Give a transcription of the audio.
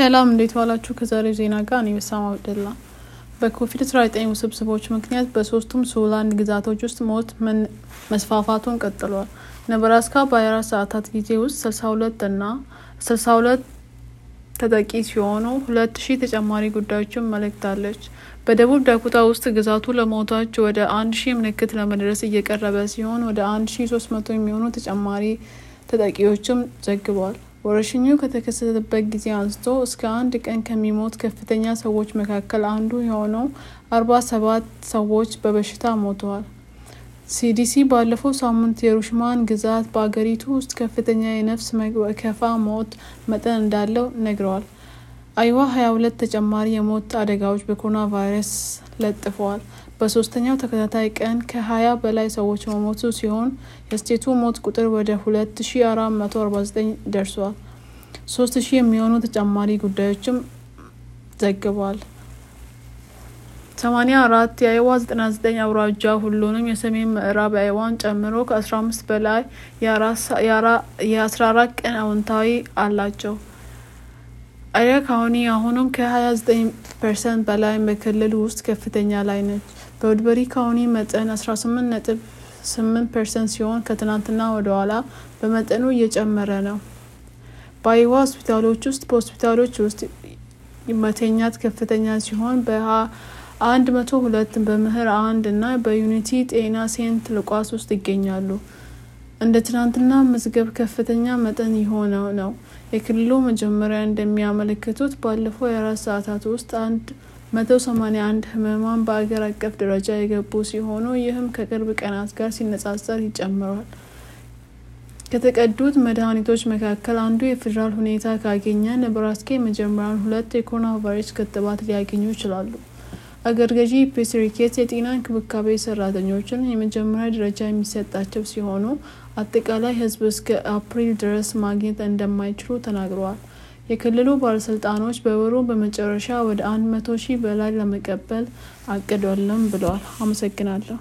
ሰላም እንዴት ዋላችሁ? ከዛሬው ዜና ጋር እኔ በሳማ አብደላ። በኮቪድ-19 ውስብስቦች ምክንያት በሶስቱም ሶላንድ ግዛቶች ውስጥ ሞት መስፋፋቱን ቀጥሏል። ነበራስካ በ24 ሰዓታት ጊዜ ውስጥ 62 እና 62 ተጠቂ ሲሆኑ 2000 ተጨማሪ ጉዳዮችን መለክታለች። በደቡብ ዳኮታ ውስጥ ግዛቱ ለሞታች ወደ 1000 ምልክት ለመድረስ እየቀረበ ሲሆን ወደ 1300 የሚሆኑ ተጨማሪ ተጠቂዎችም ዘግቧል። ወረሽኙ ከተከሰተበት ጊዜ አንስቶ እስከ አንድ ቀን ከሚሞት ከፍተኛ ሰዎች መካከል አንዱ የሆነው አርባ ሰባት ሰዎች በበሽታ ሞተዋል። ሲዲሲ ባለፈው ሳምንት የሩሽማን ግዛት በአገሪቱ ውስጥ ከፍተኛ የነፍስ ወከፋ ሞት መጠን እንዳለው ነግረዋል። አይዋ 22 ተጨማሪ የሞት አደጋዎች በኮሮና ቫይረስ ለጥፈዋል። በሶስተኛው ተከታታይ ቀን ከ20 በላይ ሰዎች መሞቱ ሲሆን የስቴቱ ሞት ቁጥር ወደ 2449 ደርሷል። 3000 የሚሆኑ ተጨማሪ ጉዳዮችም ዘግቧል። 84 የአይዋ 99 አውራጃ ሁሉንም የሰሜን ምዕራብ አይዋን ጨምሮ ከ15 በላይ የ14 ቀን አዎንታዊ አላቸው። አሪያ ካውንቲ አሁኑም ከ29 ፐርሰንት በላይ በክልሉ ውስጥ ከፍተኛ ላይ ነች። በውድበሪ ካውንቲ መጠን 18 ነጥብ 8 ፐርሰንት ሲሆን ከትናንትና ወደኋላ በመጠኑ እየጨመረ ነው። በአይዋ ሆስፒታሎች ውስጥ በሆስፒታሎች ውስጥ መተኛት ከፍተኛ ሲሆን በ102 በምህር አንድ እና በዩኒቲ ጤና ሴንት ልቋስ ውስጥ ይገኛሉ። እንደ ትናንትና መዝገብ ከፍተኛ መጠን የሆነው ነው። የክልሉ መጀመሪያ እንደሚያመለክቱት ባለፈው የአራት ሰዓታት ውስጥ አንድ መቶ ሰማኒያ አንድ ህመማን በአገር አቀፍ ደረጃ የገቡ ሲሆኑ ይህም ከቅርብ ቀናት ጋር ሲነጻጸር ይጨምሯል። ከተቀዱት መድኃኒቶች መካከል አንዱ የፌዴራል ሁኔታ ካገኘ ነብራስኬ መጀመሪያን ሁለት የኮሮና ቫይረስ ክትባት ሊያገኙ ይችላሉ። አገር ገዢ ፔስሪኬት የጤና እንክብካቤ ሰራተኞችን የመጀመሪያ ደረጃ የሚሰጣቸው ሲሆኑ አጠቃላይ ህዝብ እስከ አፕሪል ድረስ ማግኘት እንደማይችሉ ተናግረዋል። የክልሉ ባለስልጣኖች በወሩ በመጨረሻ ወደ አንድ መቶ ሺህ በላይ ለመቀበል አቅዷልም ብለዋል። አመሰግናለሁ።